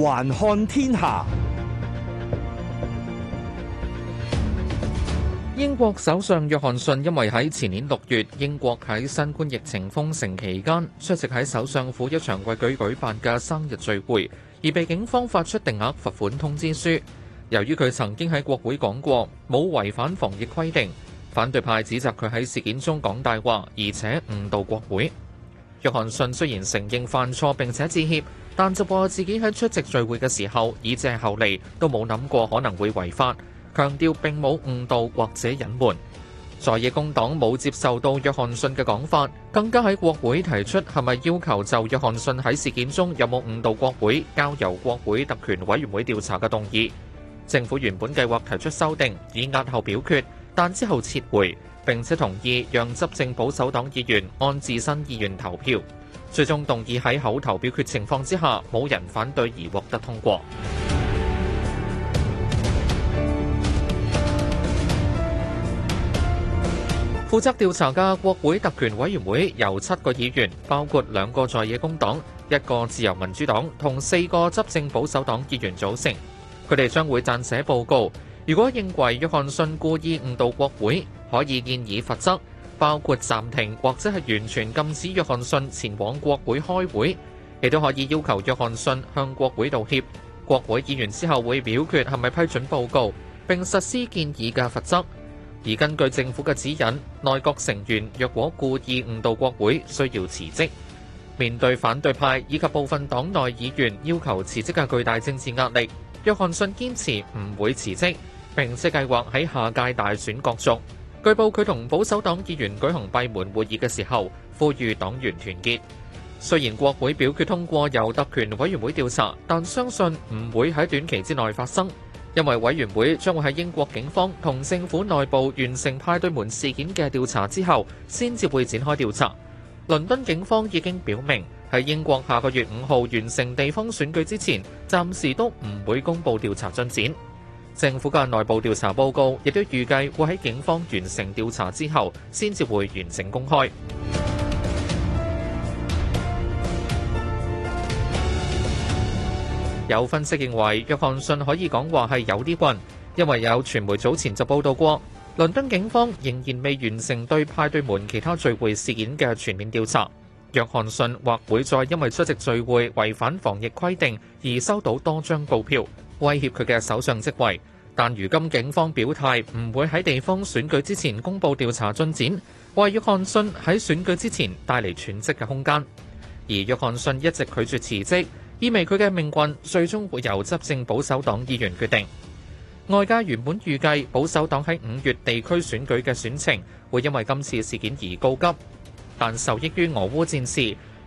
環看天下。英國首相約翰遜因為喺前年六月英國喺新冠疫情封城期間，出席喺首相府一場為佢舉辦嘅生日聚會，而被警方發出定額罰款通知書。由於佢曾經喺國會講過冇違反防疫規定，反對派指責佢喺事件中講大話，而且誤導國會。約翰遜雖然承認犯錯，並且致歉，但就話自己喺出席聚會嘅時候以至後嚟，都冇諗過可能會違法，強調並冇誤導或者隱瞞。在野工黨冇接受到約翰遜嘅講法，更加喺國會提出係咪要求就約翰遜喺事件中有冇誤導國會，交由國會特權委員會調查嘅動議。政府原本計劃提出修訂以押後表決，但之後撤回。並且同意讓執政保守黨議員按自身意願投票，最終動議喺口頭表決情況之下冇人反對而獲得通過。負責調查嘅國會特權委員會由七個議員，包括兩個在野工黨、一個自由民主黨同四個執政保守黨議員組成。佢哋將會撰寫報告，如果認為約翰遜故意誤導國會，可以建議罰則，包括暫停或者係完全禁止約翰遜前往國會開會，亦都可以要求約翰遜向國會道歉。國會議員之後會表決係咪批准報告並實施建議嘅罰則。而根據政府嘅指引，內閣成員若果故意誤導國會，需要辭職。面對反對派以及部分黨內議員要求辭職嘅巨大政治壓力，約翰遜堅持唔會辭職，並且計劃喺下屆大選角逐。據報佢同保守黨議員舉行閉門會議嘅時候，呼籲黨員團結。雖然國會表決通過由特權委員會調查，但相信唔會喺短期之內發生，因為委員會將會喺英國警方同政府內部完成派對門事件嘅調查之後，先至會展開調查。倫敦警方已經表明，喺英國下個月五號完成地方選舉之前，暫時都唔會公布調查進展。政府嘅內部調查報告亦都預計會喺警方完成調查之後，先至會完成公開。有分析認為，約翰遜可以講話係有啲運，因為有傳媒早前就報道過，倫敦警方仍然未完成對派對門其他聚會事件嘅全面調查。約翰遜或會再因為出席聚會違反防疫規定而收到多張告票。威脅佢嘅首相職位，但如今警方表態唔會喺地方選舉之前公佈調查進展，為約翰遜喺選舉之前帶嚟喘息嘅空間。而約翰遜一直拒絕辭職，意味佢嘅命運最終會由執政保守黨議員決定。外界原本預計保守黨喺五月地區選舉嘅選情會因為今次事件而告急，但受益於俄烏戰事。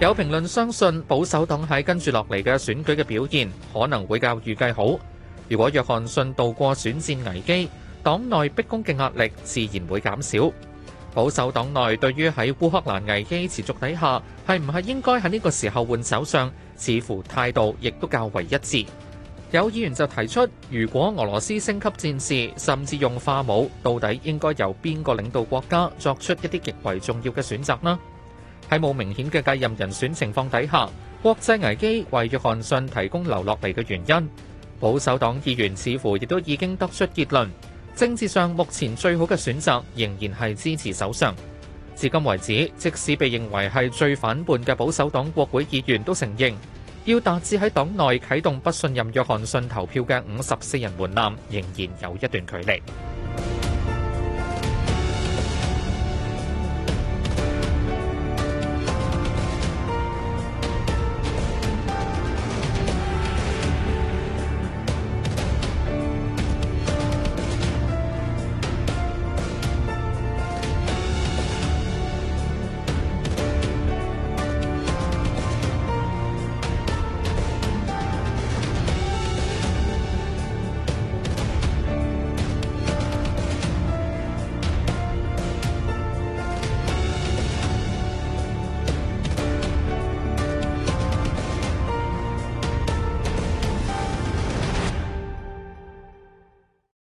有評論相信保守黨喺跟住落嚟嘅選舉嘅表現可能會較預計好。如果約翰遜度過選戰危機，黨內逼宮嘅壓力自然會減少。保守黨內對於喺烏克蘭危機持續底下係唔係應該喺呢個時候換首相，似乎態度亦都較為一致。有議員就提出，如果俄羅斯升級戰事，甚至用化武，到底應該由邊個領導國家作出一啲極為重要嘅選擇呢？喺冇明顯嘅繼任人選情況底下，國際危機為約翰遜提供留落嚟嘅原因。保守黨議員似乎亦都已經得出結論，政治上目前最好嘅選擇仍然係支持首相。至今為止，即使被認為係最反叛嘅保守黨國會議員都承認，要達至喺黨內啟動不信任約翰遜投票嘅五十四人門檻，仍然有一段距離。